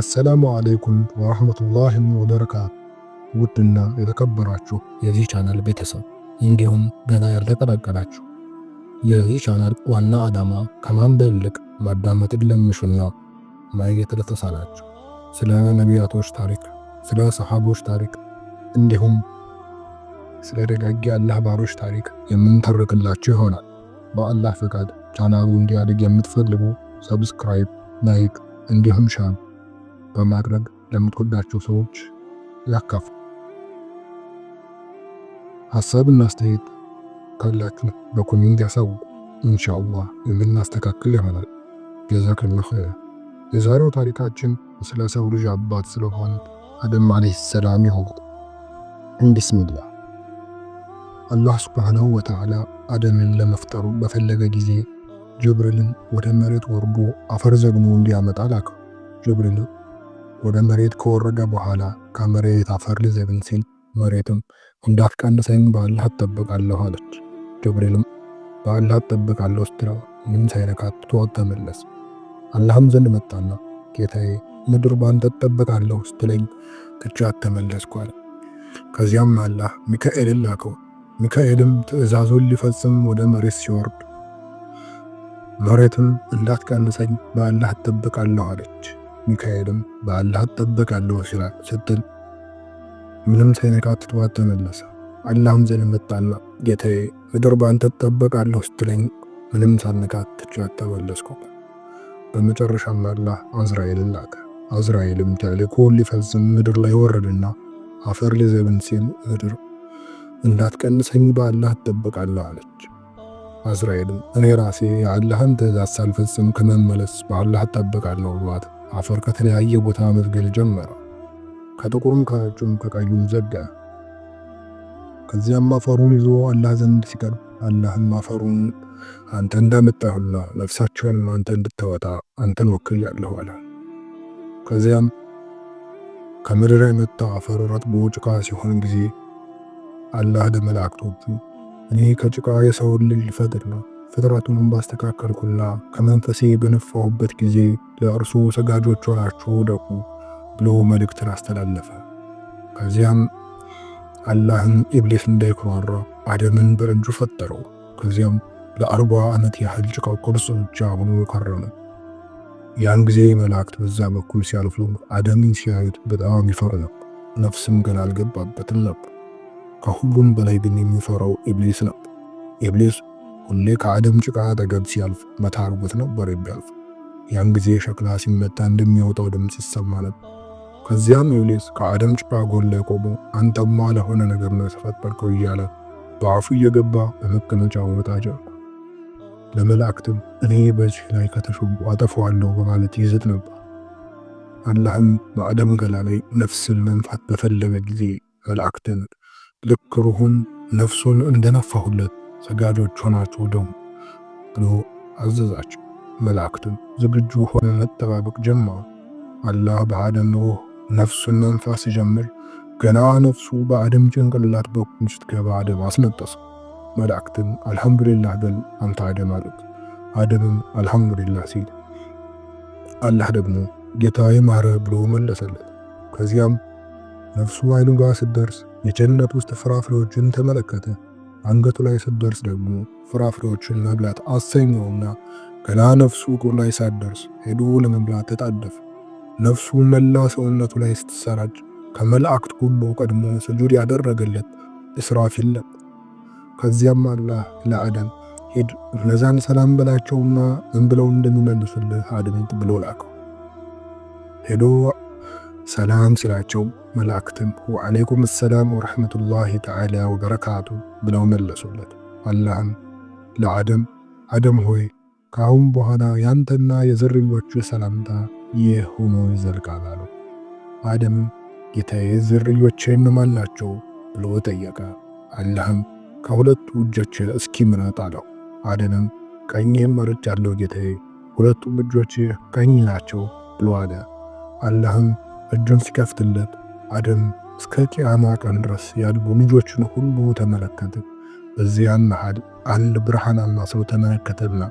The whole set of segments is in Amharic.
አሰላሙ አለይኩም ወራህመቱላሂ ወበረካቱ። ውድና የተከበራችሁ የዚህ ቻናል ቤተሰብ እንዲሁም ገና ያልተቀላቀላችሁ የዚህ ቻናል ዋና ዓላማ ከማንበብ ይልቅ ማዳመጥን ለምሹና ማየት ለተሳናችሁ ስለ ነቢያቶች ታሪክ፣ ስለ ሰሃቦች ታሪክ እንዲሁም ስለ ደጋጊ አላህ ባሮች ታሪክ የምንተርክላችሁ ይሆናል። በአላህ ፈቃድ ቻናሉ እንዲያድግ የምትፈልጉ ሰብስክራይብ፣ ላይክ እንዲሁም ሻም በማድረግ ለምትወዳቸው ሰዎች ያካፍሉ። ሀሳብና አስተያየት ካላችሁ በኮሜንት ያሳውቁ። ኢንሻአላህ የምናስተካክል ይሆናል። ጀዛከላሁ ኸይር። የዛሬው ታሪካችን ስለ ሰው ልጅ አባት ስለሆነ አደም አለይሂ ሰላም ይሁን። እንዲስሚላ አላህ ሱብሓነሁ ወተዓላ አደምን ለመፍጠሩ በፈለገ ጊዜ ጅብሪልን ወደ መሬት ወርዶ አፈር ዘግኖ እንዲያመጣ ላከው። ጅብሪል ወደ መሬት ከወረደ በኋላ ከመሬት አፈር ሊዘብን ሲል መሬትም እንዳትቀንሰኝ በአላህ እጠብቃለሁ አለች። ጅብሪልም በአላህ እጠብቃለሁ ስትለው ምን ሳይነካት ትቷት ተመለሰ። አላህም ዘንድ መጣና ጌታዬ ምድር ባንተ እጠብቃለሁ ስትለኝ ትቻት ተመለስኩ አለ። ከዚያም አላህ ሚካኤልን ላከው። ሚካኤልም ትእዛዙን ሊፈጽም ወደ መሬት ሲወርድ መሬትም እንዳትቀንሰኝ በአላህ እጠብቃለሁ አለች። ሚካኤልም በአላህ እጠበቃለሁ ስትል ምንም ሳይነካት ጠዋት ተመለሰ። አላህም ዘን መጣና ጌታዬ ምድር በአንተ እጠበቃለሁ ስትለኝ ምንም ሳልነካት ትቻት ተመለስኩ። በመጨረሻም አላህ አዝራኤልን ላከ። አዝራኤልም ተልእኮውን ሊፈጽም ምድር ላይ ወረድና አፈር ሊዘብን ሲል ምድር እንዳትቀንሰኝ በአላህ እጠበቃለሁ አለች። አዝራኤልም እኔ ራሴ የአላህን ትእዛዝ ሳልፈጽም ከመመለስ በአላህ እጠበቃለሁ ብሏት አፈር ከተለያየ ቦታ መዝገል ጀመረ። ከጥቁሩም ከነጩም ከቀዩም ዘጋ። ከዚያም አፈሩን ይዞ አላህ ዘንድ ሲቀርብ አላህም አፈሩን አንተ እንዳመጣሁና ነፍሳቸውን አንተ እንድታወጣ አንተን ያለሁ አለ። ከዚያም ከምድር የመጣ አፈር ረጥቦ ጭቃ ሲሆን ጊዜ አላህ ለመላእክቶቹ እኔ ከጭቃ የሰውን ልጅ ልፈጥር ነው ፍጥረቱንም ባስተካከልኩና ከመንፈሴ በነፋሁበት ጊዜ ለእርሱ ሰጋጆች ሆናችሁ ውደቁ ብሎ መልእክትን አስተላለፈ። ከዚያም አላህም ኢብሊስ እንዳይኩራራ አደምን በእጁ ፈጠረው። ከዚያም ለአርባ ዓመት ያህል ጭቃው ቅርጽ ብቻ ሆኖ ከረመ። ያን ጊዜ መላእክት በዛ በኩል ሲያልፉ አደምን ሲያዩት በጣም ይፈር ነበር። ነፍስም ገና አልገባበትም ነበር። ከሁሉም በላይ ግን የሚፈራው ኢብሊስ ነበር። ኢብሊስ ሁሌ ከአደም ጭቃ አጠገብ ሲያልፍ መታርጎት ነበር ቢያልፍ ያን ጊዜ ሸክላ ሲመታ እንደሚወጣው ድምፅ ይሰማ ነበር። ከዚያም ኢብሊስ ከአደም ጭቃ ጎን ላይ ቆሞ አንተማ ለሆነ ነገር ነው የተፈጠርከው እያለ በአፉ እየገባ በመቀመጫው ወጣ ጀርኩ። ለመላእክትም እኔ በዚህ ላይ ከተሾሙ አጠፋዋለሁ በማለት ይዝት ነበር። አላህም በአደም ገላ ላይ ነፍስን መንፋት በፈለገ ጊዜ መላእክትን ልክ ሩሁን ነፍሱን እንደነፋሁለት ሰጋጆች ሆናችሁ ደሙ ብሎ አዘዛቸው። መላእክትም ዝግጁ ሆነ መጠባበቅ ጀመሩ። አላህ በአደም ሩህ ነፍሱን መንፋስ ሲጀምር ገና ነፍሱ በአደም ጭንቅላት በኩል ስትገባ አደም አስነጠሰ። መላእክትም አልሐምዱሊላህ በል አንተ አደም አሉት። አደምም አልሐምዱሊላህ ሲል አላህ ደግሞ ጌታ የማረ ብሎ መለሰለት። ከዚያም ነፍሱ አይኑ ጋር ስትደርስ የጀነት ውስጥ ፍራፍሬዎችን ተመለከተ። አንገቱ ላይ ስትደርስ ደግሞ ፍራፍሬዎችን መብላት አሰኘውና ገና ነፍሱ እግሩ ላይ ሳትደርስ ሄዶ ለመብላት ተጣደፈ። ነፍሱ መላ ሰውነቱ ላይ ስትሰራጭ ከመላእክት ሁሉ ቀድሞ ስጁድ ያደረገለት እስራፊል ነበር። ከዚያም አላህ ለአደም ሄድ እነዛን ሰላም በላቸውና ምን ብለው እንደሚመልሱልህ አድምጥ ብሎ ላከው። ሄዶ ሰላም ሲላቸው መላእክትም ወዓለይኩም ሰላም ወረሕመቱላሂ ተዓላ ወበረካቱ ብለው መለሱለት። አላህም ለአደም አደም ሆይ ከአሁን በኋላ ያንተና የዝርዮቹ ሰላምታ ይህ ሆኖ ይዘልቃል አሉ። አደምም ጌታዬ ዝርዮቼ እነማን ብሎ ጠየቀ። አላህም ከሁለቱ እጆች እስኪ ምረጥ አለው። አደምም ቀኝህን መርጫለሁ ጌታዬ፣ ሁለቱም እጆች ቀኝ ናቸው ብሎ አለ። አላህም እጁን ሲከፍትለት አደም እስከ ቅያማ ቀን ድረስ ያሉ ልጆችን ሁሉ ተመለከተ። በዚያም መሃል አንድ ብርሃናማ ሰው ተመለከተና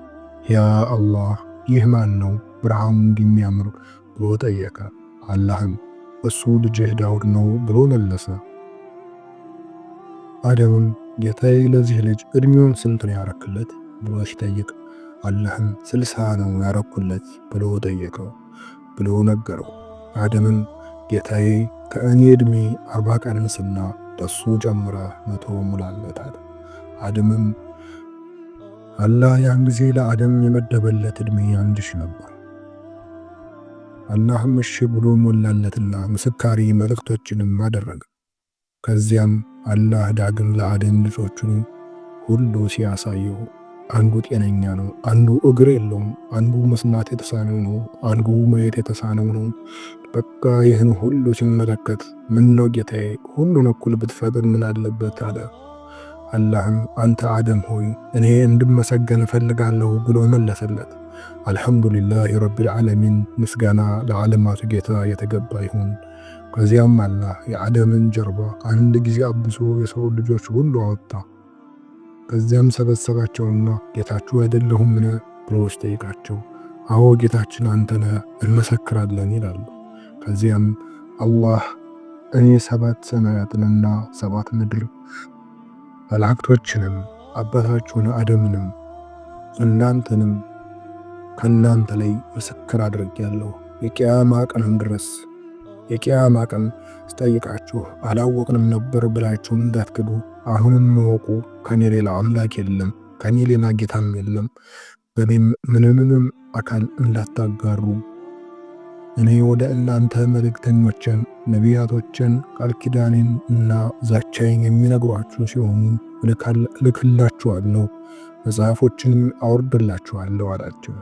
ያ አላህ ይህ ማን ነው ብርሃኑ እንደሚያምር ብሎ ጠየቀ። አላህም እሱ ልጅህ ዳውድ ነው ብሎ መለሰ። አደምም ጌታዬ ለዚህ ልጅ እድሜውን ስንት ነው ያረክለት ብሎ ሲጠይቅ አላህም ስልሳ ነው ያረኩለት ብሎ ጠየቀው ብሎ ነገረው። አደምም ጌታዬ ከእኔ ዕድሜ አርባ ቀንስና ለሱ ጨምረ መቶ ሙላለታል። አድምም አላህ ያን ጊዜ ለአደም የመደበለት ዕድሜ አንድ ሺህ ነበር። አላህም እሺ ብሎ ሞላለትና ምስካሪ መልእክቶችንም አደረገ። ከዚያም አላህ ዳግም ለአደም ልጆቹን ሁሉ ሲያሳየው አንዱ ጤነኛ ነው፣ አንዱ እግር የለውም፣ አንዱ መስማት የተሳነው ነው፣ አንዱ ማየት የተሳነው ነው። በቃ ይህን ሁሉ ሲመለከት ምን ነው ጌታዬ ሁሉን እኩል ብትፈጥር ምን አለበት አለ። አላህም አንተ አደም ሆይ እኔ እንድመሰገን እፈልጋለሁ ብሎ መለሰለት። አልሐምዱሊላህ ረቢል ዓለሚን ምስጋና ለዓለማቱ ጌታ የተገባ ይሁን። ከዚያም አላህ የአደምን ጀርባ አንድ ጊዜ አብሶ የሰው ልጆች ሁሉ አወጣ። በዚያም ሰበሰባቸውና ጌታችሁ አይደለሁምን ብሎ ጠይቃቸው፣ አዎ ጌታችን አንተነ እንመሰክራለን ይላሉ። ከዚያም አላህ እኔ ሰባት ሰማያትንና ሰባት ምድር መላእክቶችንም አባታችሁን አደምንም እናንተንም ከእናንተ ላይ ምስክር አድርጌያለሁ የቅያማ ቀንም ድረስ የቂያማ ቀን ስጠይቃችሁ አላወቅንም ነበር ብላችሁ እንዳትክዱ። አሁንም እወቁ፣ ከኔ ሌላ አምላክ የለም፣ ከኔ ሌላ ጌታም የለም። በእኔም ምንምንም አካል እንዳታጋሩ። እኔ ወደ እናንተ መልእክተኞችን፣ ነቢያቶችን፣ ቃል ኪዳኔን እና ዛቻዬን የሚነግሯችሁ ሲሆኑ ልክላችኋለሁ፣ መጽሐፎችንም አውርድላችኋለሁ አላቸው።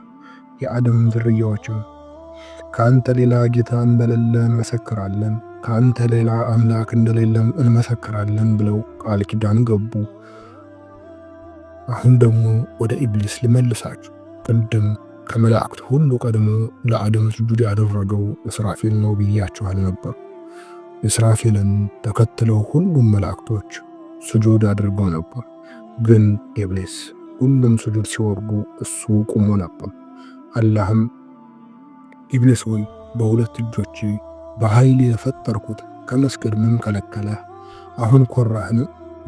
የአደም ዝርያዎችም ከአንተ ሌላ ጌታ እንደሌለ እንመሰክራለን፣ ከአንተ ሌላ አምላክ እንደሌለም እንመሰክራለን ብለው ቃል ኪዳን ገቡ። አሁን ደግሞ ወደ ኢብሊስ ልመልሳችሁ። ቅድም ከመላእክት ሁሉ ቀድሞ ለአደም ስጁድ ያደረገው እስራፌል ነው ብያችኋል ነበር። እስራፌልን ተከትለው ሁሉም መላእክቶች ስጁድ አድርገው ነበር። ግን ኢብሊስ ሁሉም ስጁድ ሲወርዱ እሱ ቁሞ ነበር። አላህም ኢብሊስ ሆይ በሁለት እጆች በኃይል የፈጠርኩት ከመስገድ ከለከለ አሁን ኮራህን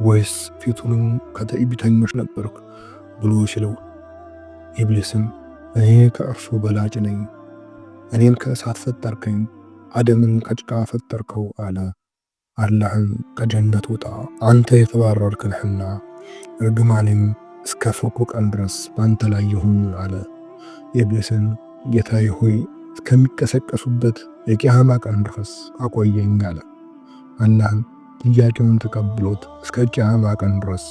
ወይስ ፊቱንም ከተዕቢተኞች ነበርክ ብሎ ሲለው፣ ኢብሊስም እኔ ከእርሱ በላጭ ነኝ፣ እኔን ከእሳት ፈጠርከኝ፣ አደምን ከጭቃ ፈጠርከው አለ። አላህም ከጀነት ውጣ አንተ የተባረርክ ነህና እርግማኔም እስከ ፍርዱ ቀን ድረስ በአንተ ላይ ይሁን አለ። ኢብሊስን ጌታዬ ሆይ ከሚቀሰቀሱበት የቂያማ ቀን ድረስ አቆየኝ አለ። አላህም ጥያቄውን ተቀብሎት እስከ ቂያማ ቀን ድረስ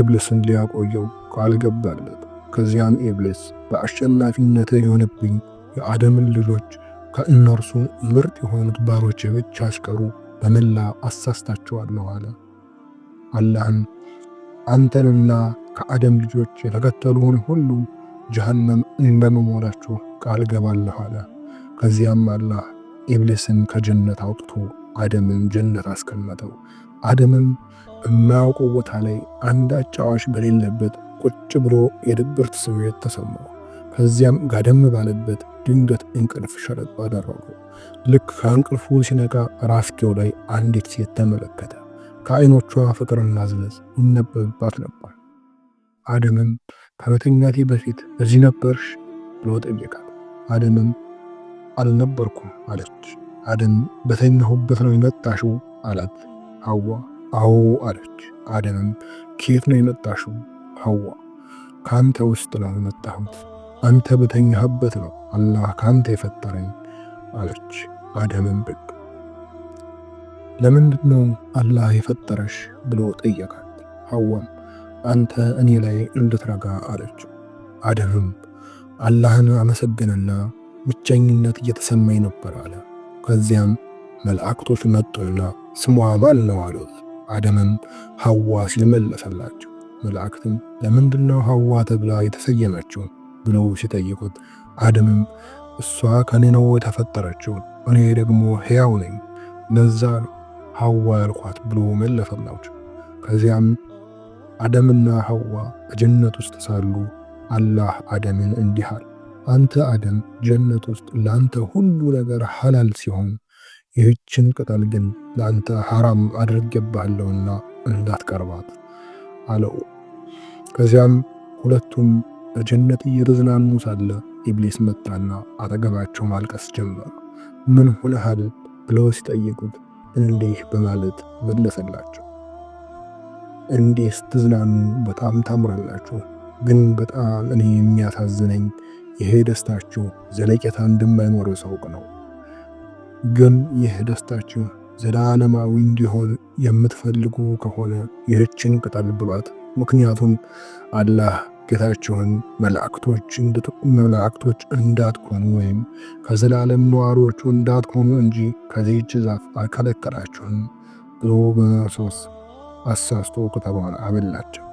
ኢብሊስን ሊያቆየው ቃል ገባለት። ከዚያም ኢብሊስ በአሸናፊነት የሆነብኝ የአደምን ልጆች ከእነርሱ ምርጥ የሆኑት ባሮች ብቻ አስቀሩ በመላ አሳስታቸዋለሁ አለ። አላህም አንተንና ከአደም ልጆች የተከተሉን ሁሉ ጀሃነም እንደምሞላችሁ ቃል ገባለሁ አለ። ከዚያም አላህ ኢብሊስን ከጀነት አውጥቶ አደምን ጀነት አስቀመጠው። አደምም በማያውቀው ቦታ ላይ አንዳች አዋሽ በሌለበት ቁጭ ብሎ የድብርት ስሜት ተሰማው። ከዚያም ጋደም ባለበት ድንገት እንቅልፍ ሸለጥ አደረገው። ልክ ከእንቅልፉ ሲነቃ ራስጌው ላይ አንዲት ሴት ተመለከተ። ከአይኖቿ ፍቅርና ዝለዝ ይነበብባት ነበር። አደምም ከመተኛቴ በፊት እዚህ ነበርሽ ብሎ ጠየቃት። አደንን አልነበርኩም አለች። አደን በተኛሁበት ነው የመጣሽው አላት። ሐዋ አዎ አለች። አደንም ኬት ነው የመጣሽው? ሐዋ ከአንተ ውስጥ ነው የመጣሁት። አንተ በተኛህበት ነው አላህ ከአንተ የፈጠረኝ አለች። አደምም ብቅ ለምንድን ነው አላህ የፈጠረሽ ብሎ ጠየቃት። ሐዋም አንተ እኔ ላይ እንድትረጋ አለችው። አደምም አላህን አመሰገነና ብቸኝነት እየተሰማኝ ነበር አለ። ከዚያም መልአክቶች መጡና ስሟ ማን ነው አሉት። አደምም ሐዋ ሲል መለሰላቸው። መላእክትም ለምንድነው ሐዋ ተብላ የተሰየመችው ብለው ሲጠይቁት አደምም እሷ ከኔ ነው የተፈጠረችው፣ እኔ ደግሞ ሕያው ነኝ፣ ለዛ ሐዋ ያልኳት ብሎ መለሰላቸው። ከዚያም አደምና ሐዋ በጀነት ውስጥ ሳሉ አላህ አደምን እንዲህ አለ፣ አንተ አደም ጀነት ውስጥ ለአንተ ሁሉ ነገር ሐላል ሲሆን ይህችን ቅጠል ግን ለአንተ ሐራም አድርጌባለሁና እንዳትቀርባት አለው። ከዚያም ሁለቱም በጀነት እየተዝናኑ ሳለ ኢብሊስ መጣና አጠገባቸው ማልቀስ ጀመር። ምን ሆነሃል ብለው ሲጠይቁት እንዲህ በማለት መለሰላቸው፣ እንዲህ ስትዝናኑ በጣም ታምራላችሁ ግን በጣም እኔ የሚያሳዝነኝ ይሄ ደስታችሁ ዘለቄታ እንደማይኖር ሳውቅ ነው። ግን ይህ ደስታችሁ ዘላለማዊ እንዲሆን የምትፈልጉ ከሆነ ይህችን ቅጠል ብሏት። ምክንያቱም አላህ ጌታችሁን መላእክቶች እንዳትኮኑ ወይም ከዘላለም ነዋሪዎቹ እንዳትኮኑ እንጂ ከዚህች ዛፍ አልከለከላችሁም ብሎ በመሶስ አሳስቶ ቅጠሏን አበላቸው።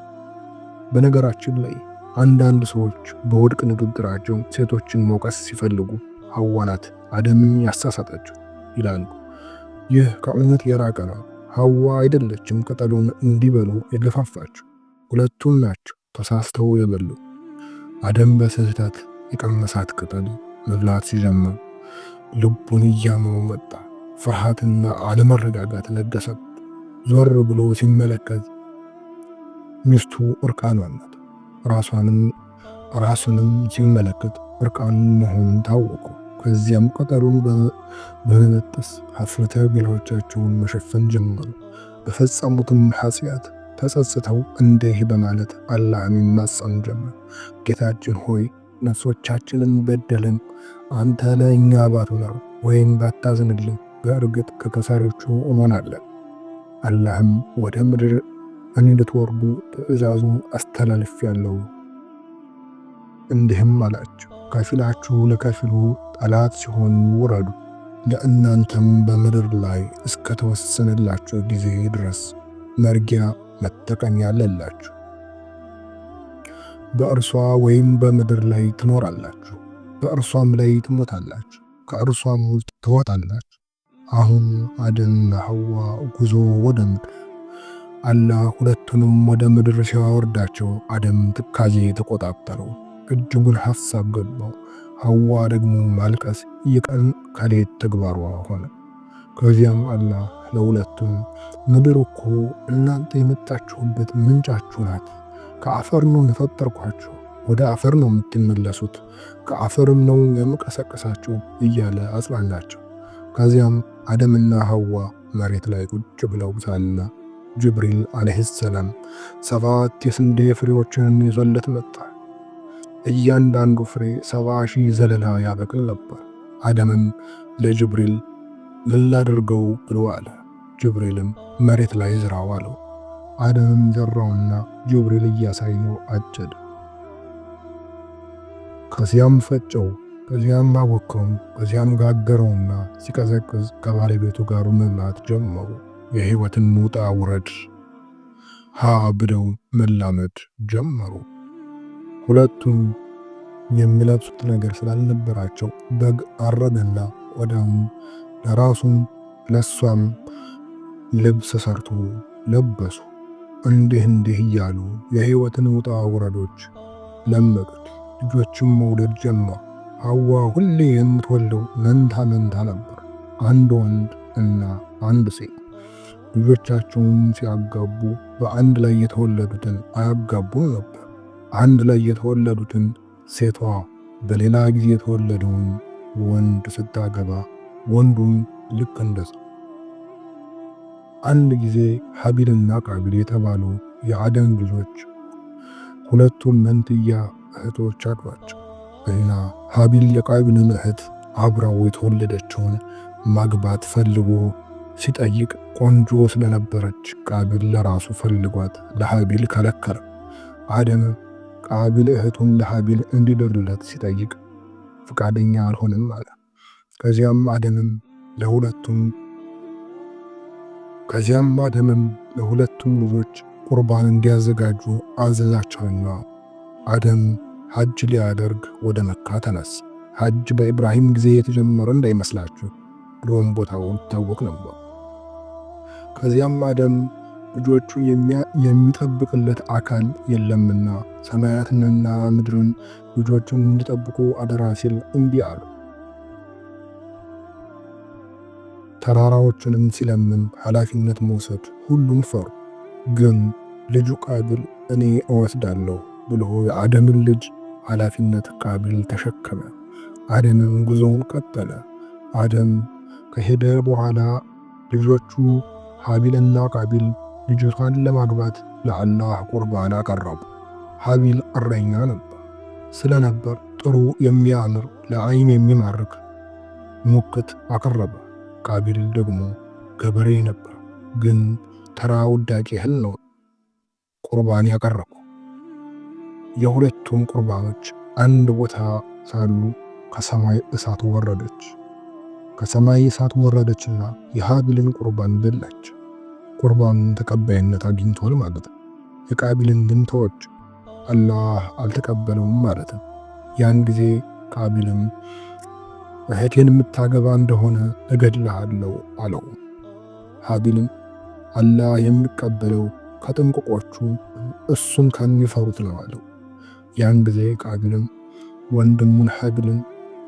በነገራችን ላይ አንዳንድ ሰዎች በወድቅ ንግግራቸው ሴቶችን መውቀስ ሲፈልጉ ሐዋ ናት አደም ያሳሳተችው ይላሉ። ይህ ከእውነት የራቀ ነው። ሐዋ አይደለችም ቅጠሉን እንዲበሉ የገፋፋችው፣ ሁለቱም ናቸው ተሳስተው የበሉ። አደም በስህተት የቀመሳት ቅጠል መብላት ሲጀምር ልቡን እያመው መጣ። ፍርሃትና አለመረጋጋት ነገሰት። ዞር ብሎ ሲመለከት ሚስቱ እርቃኗን ናት። ራሷንም ራሱንም ሲመለከት እርቃኑን መሆኑን ታወቁ። ከዚያም ቅጠሉን በመበጠስ አፍርተ ገላቸውን መሸፈን ጀመሩ። በፈጸሙትም ኃጢአት ተጸጽተው እንዲህ በማለት አላህን ይማጸኑ ጀመር። ጌታችን ሆይ ነፍሶቻችንን በደልን፣ አንተ ለእኛ ባትሆን ወይም ባታዝንልን በእርግጥ ከከሳሪዎቹ እንሆናለን። አላህም ወደ ምድር እንድትወርዱ ትእዛዙን ያለው እንዲህም አላቸው፣ ከፊላችሁ ለከፊሉ ጠላት ሲሆኑ ውረዱ፣ ለእናንተም በምድር ላይ እስከተወሰነላቸው ጊዜ ድረስ መርጊያ መጠቀሚያ ያለላችሁ በእርሷ ወይም በምድር ላይ ትኖራላችሁ፣ በእርሷም ላይ ትሞታላችሁ፣ ከእርሷም ውስጥ ትወጣላችሁ። አሁን አደም ሐዋ ጉዞ ወደ ምድር አላህ ሁለቱንም ወደ ምድር ሲያወርዳቸው አደም ትካዜ ተቆጣጠሩ፣ እጅጉን ሐሳብ ገባው። ሐዋ ደግሞ ማልቀስ የቀን ከሌት ተግባሯ ሆነ። ከዚያም አላህ ለሁለቱም ምድር እኮ እናንተ የመጣችሁበት ምንጫችሁ ናት። ከአፈር ነው የፈጠርኳችሁ፣ ወደ አፈር ነው የምትመለሱት፣ ከአፈርም ነው የምቀሰቀሳችሁ እያለ አጽናናቸው። ከዚያም አደምና ሐዋ መሬት ላይ ቁጭ ብለው ሳና ጅብሪል ዓለይሂ ሰላም ሰባት የስንዴ ፍሬዎችን ይዞለት መጣ። እያንዳንዱ ፍሬ ሰባ ሺህ ዘለላ ያበቅል ነበር። አደምም ለጅብሪል ልላደርገው ብሎ አለ። ጅብሪልም መሬት ላይ ዝራው አለው። አደምም ዘራውና ጅብሪል እያሳየው አጨደ። ከዚያም ፈጨው፣ ከዚያም አቦካውም፣ ከዚያም ጋገረውና ሲቀዘቅዝ ከባለቤቱ ጋር መብላት ጀመሩ። የሕይወትን ውጣ ውረድ ሀ ብለው መላመድ ጀመሩ። ሁለቱም የሚለብሱት ነገር ስላልነበራቸው በግ አረደና ወዳም ለራሱም ለሷም ልብስ ሰርቶ ለበሱ። እንዲህ እንዲህ እያሉ የሕይወትን ውጣ ውረዶች ለመዱት። ልጆችም መውለድ ጀመሩ። ሐዋ ሁሌ የምትወልደው መንታ መንታ ነበር፣ አንድ ወንድ እና አንድ ሴት። ልጆቻቸውን ሲያጋቡ በአንድ ላይ የተወለዱትን አያጋቡ ነበር። አንድ ላይ የተወለዱትን ሴቷ በሌላ ጊዜ የተወለደውን ወንድ ስታገባ፣ ወንዱም ልክ እንደዛ። አንድ ጊዜ ሀቢልና ቃቢል የተባሉ የአደን ልጆች ሁለቱም መንትያ እህቶች አሏቸው እና ሀቢል የቃቢልን እህት አብራው የተወለደችውን ማግባት ፈልጎ ሲጠይቅ ቆንጆ ስለነበረች ቃቢል ለራሱ ፈልጓት ለሃቢል ከለከለ። አደም ቃቢል እህቱን ለሃቢል እንዲድርለት ሲጠይቅ ፍቃደኛ አልሆንም አለ። ከዚያም አደምም ለሁለቱም ከዚያም አደምም ለሁለቱም ልጆች ቁርባን እንዲያዘጋጁ አዘዛቸውና አደም ሐጅ ሊያደርግ ወደ መካ ተነስ። ሐጅ በኢብራሂም ጊዜ የተጀመረ እንዳይመስላችሁ ድሮም ቦታውን ይታወቅ ነበር። ከዚያም አደም ልጆቹን የሚጠብቅለት አካል የለምና ሰማያትንና ምድርን ልጆቹን እንዲጠብቁ አደራ ሲል እንዲህ አሉ። ተራራዎችንም ሲለምን ኃላፊነት መውሰድ ሁሉም ፈሩ። ግን ልጁ ቃቢል እኔ እወስዳለሁ ብሎ የአደምን ልጅ ኃላፊነት ቃቢል ተሸከመ። አደምም ጉዞውን ቀጠለ። አደም ከሄደ በኋላ ልጆቹ ሐቢልና ቃቢል ልጅቷን ለማግባት ለአላህ ቁርባን አቀረቡ። ሐቢል እረኛ ነበር ስለነበር ጥሩ የሚያምር ለአይን የሚማርክ ሙክት አቀረበ። ቃቢል ደግሞ ገበሬ ነበር፣ ግን ተራ ውዳቂ እህል ነው ቁርባን ያቀረበው። የሁለቱም ቁርባኖች አንድ ቦታ ሳሉ ከሰማይ እሳት ወረደች። ከሰማይ እሳት ወረደችና የሀቢልን ቁርባን በላች። ቁርባኑን ተቀባይነት አግኝቷል ማለት ነው። የቃቢልን ግን ተወች፣ አላህ አልተቀበለውም ማለት ነው። ያን ጊዜ ቃቢልም እህቴን የምታገባ እንደሆነ እገድልሃለሁ አለው። ሃቢልም አላህ የሚቀበለው ከጥንቁቆቹ እሱን ከሚፈሩት ነው አለው። ያን ጊዜ ቃቢልም ወንድሙን ሃቢልን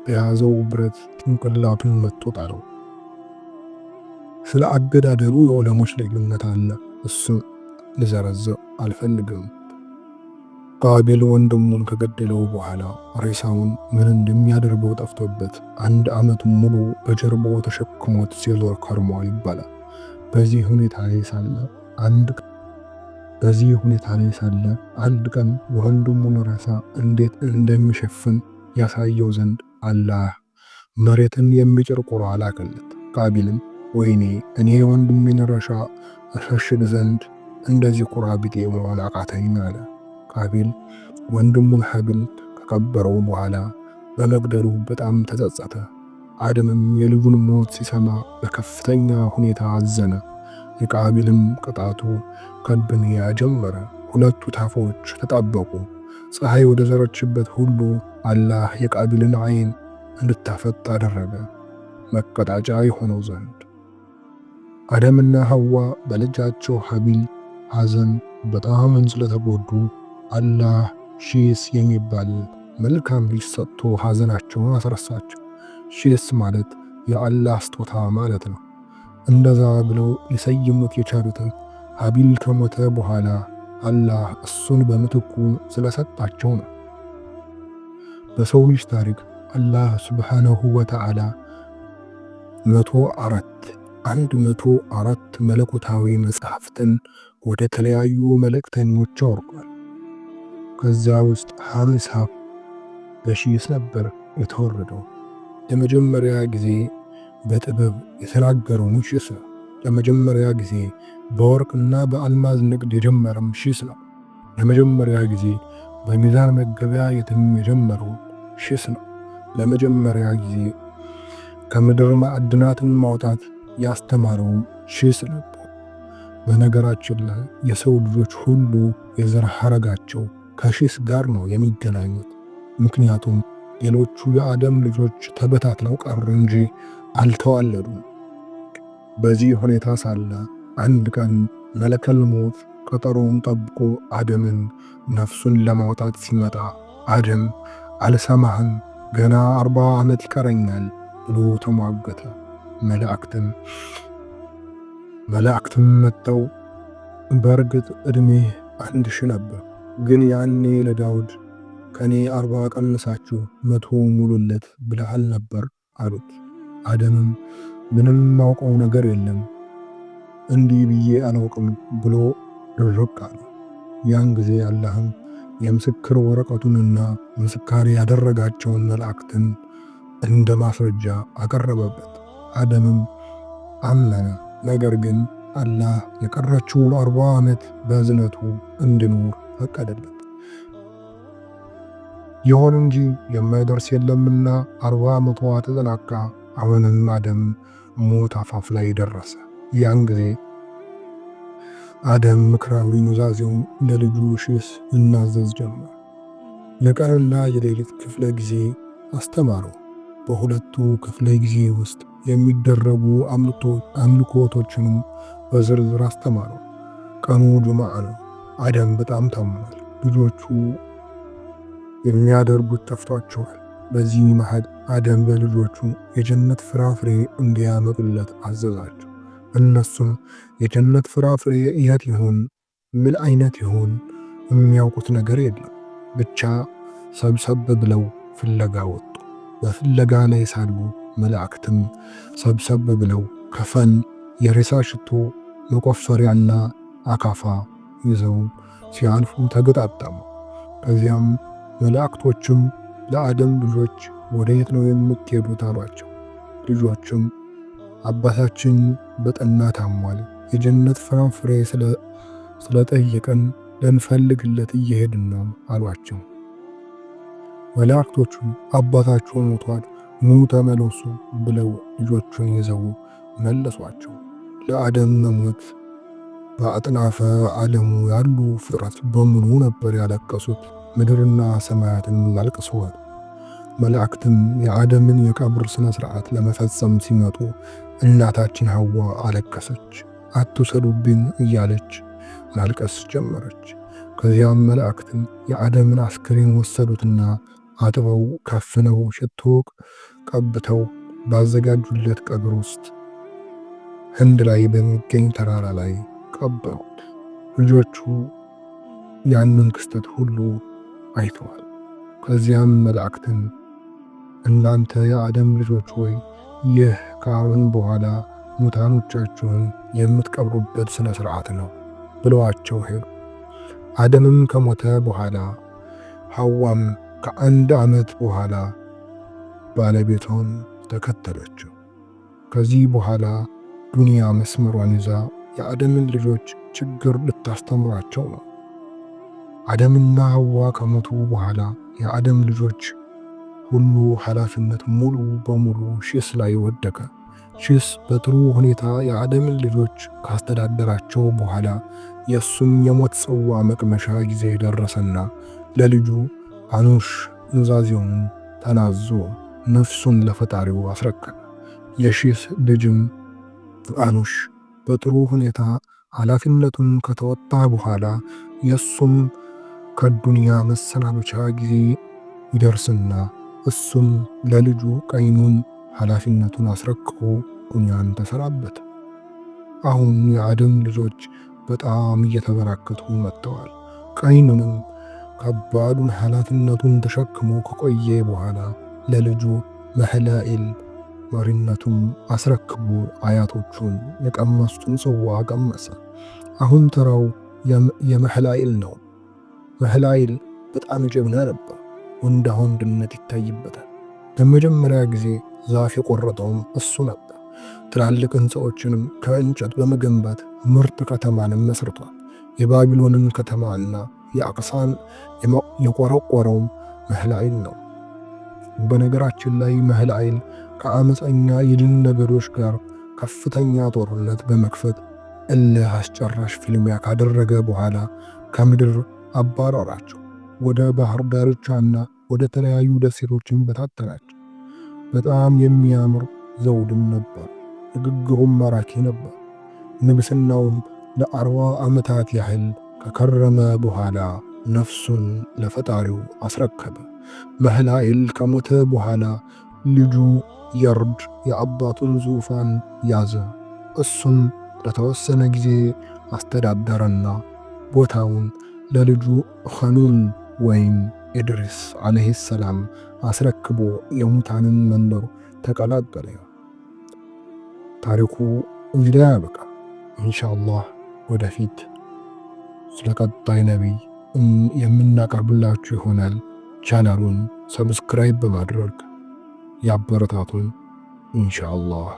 በያዘው ብረት ጭንቅላቱን መቶ ጣለው። ስለ አገዳደሉ የዑለሞች ልዩነት አለ። እሱም ልዘረዝር አልፈልግም። ቃቢል ወንድሙን ከገደለው በኋላ ሬሳውን ምን እንደሚያደርገው ጠፍቶበት አንድ ዓመት ሙሉ በጀርባው ተሸክሞት ሲዞር ከርሟል ይባላል። በዚህ ሁኔታ ላይ ሳለ አንድ በዚህ ሁኔታ ላይ ሳለ አንድ ቀን ወንድሙን ሬሳ እንዴት እንደሚሸፍን ያሳየው ዘንድ አላህ መሬትን የሚጭር ቁራ ላከለት። ቃቢልም ወይኔ እኔ ወንድሜን ረሻ እሸሽግ ዘንድ እንደዚህ ቁራ ቢጤ መሆን አቃተኝ አለ። ቃቢል ወንድሙን ሀብል ከቀበረው በኋላ በመግደሉ በጣም ተጸጸተ። አደምም የልጁን ሞት ሲሰማ በከፍተኛ ሁኔታ አዘነ። የቃቢልም ቅጣቱ ከዱንያ ያጀመረ ሁለቱ ታፎች ተጣበቁ። ፀሐይ ወደ ዘረችበት ሁሉ አላህ የቃቢልን ዐይን እንድታፈጥ አደረገ መቀጣጫ የሆነው ዘንድ። አደምና ሐዋ በልጃቸው ሐቢል ሐዘን በጣም ስለተጎዱ አላህ ሺስ የሚባል መልካም ልጅ ሰጥቶ ሐዘናቸውን አስረሳቸው። ሺስ ማለት የአላህ ስጦታ ማለት ነው። እንደዛ ብለው ሊሰይሙት የቻሉትን ሐቢል ከሞተ በኋላ አላህ እሱን በምትኩ ስለሰጣቸው ነው። በሰው ልጅ ታሪክ አላህ ሱብሓነሁ ወተዓላ መቶ አራት አንድ መቶ አራት መለኮታዊ መጽሐፍትን ወደ ተለያዩ መልእክተኞች አውርዷል። ከዚያ ውስጥ ሐምሳ በሺህ ነበር የተወረደው። ለመጀመሪያ ጊዜ በጥበብ የተናገረው ሙሽስ ነው። ለመጀመሪያ ጊዜ በወርቅና በአልማዝ ንግድ የጀመረም ሺስ ነው። ለመጀመሪያ ጊዜ በሚዛን መገበያ የትም የጀመረው ሺስ ነው። ለመጀመሪያ ጊዜ ከምድር ማዕድናትን ማውጣት ያስተማረው ሺስ ነበር። በነገራችን ላይ የሰው ልጆች ሁሉ የዘር ሐረጋቸው ከሺስ ጋር ነው የሚገናኙት። ምክንያቱም ሌሎቹ የአደም ልጆች ተበታትነው ቀሩ እንጂ አልተዋለዱም። በዚህ ሁኔታ ሳለ አንድ ቀን መለከል ሞት ቀጠሮውን ጠብቆ አደምን ነፍሱን ለማውጣት ሲመጣ አደም አልሰማህም፣ ገና አርባ ዓመት ይቀረኛል ብሎ ተሟገተ። መላእክትም መላእክትም መጠው በእርግጥ ዕድሜ አንድ ሺ ነበር፣ ግን ያኔ ለዳውድ ከኔ አርባ ቀንሳችሁ መቶ ሙሉለት ብለሃል ነበር አሉት። አደምም ምንም ማውቀው ነገር የለም እንዲህ ብዬ አላውቅም ብሎ ድርቅ አለ። ያን ጊዜ አላህም የምስክር ወረቀቱንና ምስካሪ ያደረጋቸውን መላእክትን እንደ ማስረጃ አቀረበበት። አደምም አመነ። ነገር ግን አላህ የቀረችውን አርባ ዓመት በእዝነቱ እንድኖር ፈቀደለት። ይሁን እንጂ የማይደርስ የለምና አርባ ዓመቷ ተጠናቃ። አሁንም አደም ሞት አፋፍ ላይ ደረሰ። ያን ጊዜ አደም ምክራዊ ኑዛዜውን ለልጁ ሽስ እናዘዝ ጀመር። የቀንና የሌሊት ክፍለ ጊዜ አስተማረው። በሁለቱ ክፍለ ጊዜ ውስጥ የሚደረጉ አምልኮቶችንም በዝርዝር አስተማረው። ቀኑ ጁማዓ ነው። አደም በጣም ታሟል። ልጆቹ የሚያደርጉት ጠፍቷቸዋል። በዚህ መሃል አደም በልጆቹ የጀነት ፍራፍሬ እንዲያመጡለት አዘዛቸው። እነሱም የጀነት ፍራፍሬ የት ይሆን? ምን አይነት ይሆን? የሚያውቁት ነገር የለም። ብቻ ሰብሰብ ብለው ፍለጋ ወጡ። በፍለጋ ላይ ሳሉ መላእክትም ሰብሰብ ብለው ከፈን፣ የሬሳ ሽቶ፣ መቆፈሪያና አካፋ ይዘው ሲያልፉ ተገጣጠሙ። ከዚያም መላእክቶችም ለአደም ልጆች ወደ የት ነው የምትሄዱት? አሏቸው። ልጆችም አባታችን በጠና ታሟል፣ የጀነት ፍራፍሬ ስለጠየቀን ልንፈልግለት እየሄድን ነው አሏቸው። መላእክቶቹ አባታችሁ ሞቷል፣ ኑ ተመለሱ ብለው ልጆቹን ይዘው መለሷቸው። ለአደም መሞት በአጥናፈ ዓለሙ ያሉ ፍጥረት በሙሉ ነበር ያለቀሱት። ምድርና ሰማያትን አልቅሰዋል። መላእክትም የአደምን የቀብር ሥነ ሥርዓት ለመፈጸም ሲመጡ እናታችን ሐዋ አለቀሰች። አትውሰዱብኝ እያለች ማልቀስ ጀመረች። ከዚያም መላእክትም የአደምን አስክሬን ወሰዱትና አጥበው ካፍነው ሽቶ ቀብተው ባዘጋጁለት ቀብር ውስጥ ህንድ ላይ በሚገኝ ተራራ ላይ ቀበሩት። ልጆቹ ያንን ክስተት ሁሉ አይተዋል። ከዚያም መላእክትን እናንተ የአደም ልጆች ሆይ ይህ ከአሁን በኋላ ሙታኖቻችሁን የምትቀብሩበት ሥነ ሥርዓት ነው ብለዋቸው ሄዱ። አደምም ከሞተ በኋላ ሐዋም ከአንድ ዓመት በኋላ ባለቤቷን ተከተለችው። ከዚህ በኋላ ዱንያ መስመሯን ይዛ የአደምን ልጆች ችግር ልታስተምራቸው ነው። አደምና ሐዋ ከሞቱ በኋላ የአደም ልጆች ሁሉ ኃላፊነት ሙሉ በሙሉ ሺስ ላይ ወደቀ። ሺስ በጥሩ ሁኔታ የአደምን ልጆች ካስተዳደራቸው በኋላ የእሱም የሞት ጽዋ መቅመሻ ጊዜ ደረሰና ለልጁ አኑሽ እንዛዜውን ተናዞ ነፍሱን ለፈጣሪው አስረከበ። የሺስ ልጅም አኑሽ በጥሩ ሁኔታ ኃላፊነቱን ከተወጣ በኋላ የእሱም ከዱንያ መሰናበቻ ጊዜ ይደርስና እሱም ለልጁ ቀይኑን ኃላፊነቱን አስረክቦ ጉኛን ተሰራበት አሁን የአደም ልጆች በጣም እየተበራከቱ መጥተዋል። ቀይኑንም ከባዱን ኃላፊነቱን ተሸክሞ ከቆየ በኋላ ለልጁ መህላኤል መሪነቱን አስረክቦ አያቶቹን የቀመሱትን ጽዋ ቀመሰ። አሁን ተራው የመህላኤል ነው። መህላኤል በጣም ጀግና ነበር። ወንድ ወንድነት ይታይበታል። ለመጀመሪያ ጊዜ ዛፍ የቆረጠውም እሱ ነበር። ትላልቅ ህንፃዎችንም ከእንጨት በመገንባት ምርጥ ከተማንም መስርቷል። የባቢሎንን ከተማና የአቅሳን የቆረቆረውም መህላይል ነው። በነገራችን ላይ መህላይል ከአመፀኛ የድን ነገዶች ጋር ከፍተኛ ጦርነት በመክፈት እልህ አስጨራሽ ፍልሚያ ካደረገ በኋላ ከምድር አባረራቸው። ወደ ባህር ዳርቻና ወደ ተለያዩ ደሴቶችን በታተናች። በጣም የሚያምር ዘውድም ነበር። ንግግሩም ማራኪ ነበር። ንግስናውም ለአርባ ዓመታት ያህል ከከረመ በኋላ ነፍሱን ለፈጣሪው አስረከበ። መህላይል ከሞተ በኋላ ልጁ የርድ የአባቱን ዙፋን ያዘ። እሱም ለተወሰነ ጊዜ አስተዳደረና ቦታውን ለልጁ ኸኑን ወይም ኢድሪስ ዓለይሂ ሰላም አስረክቦ የሙታንን መንበሩ ተቀላቀለ። ታሪኩ እዚህ ላይ አያበቃም። ኢንሻአላህ ወደፊት ስለ ቀጣይ ነቢይ የምናቀርብላችሁ ይሆናል። ቻናሉን ሰብስክራይብ በማድረግ ያበረታቱን ኢንሻአላህ።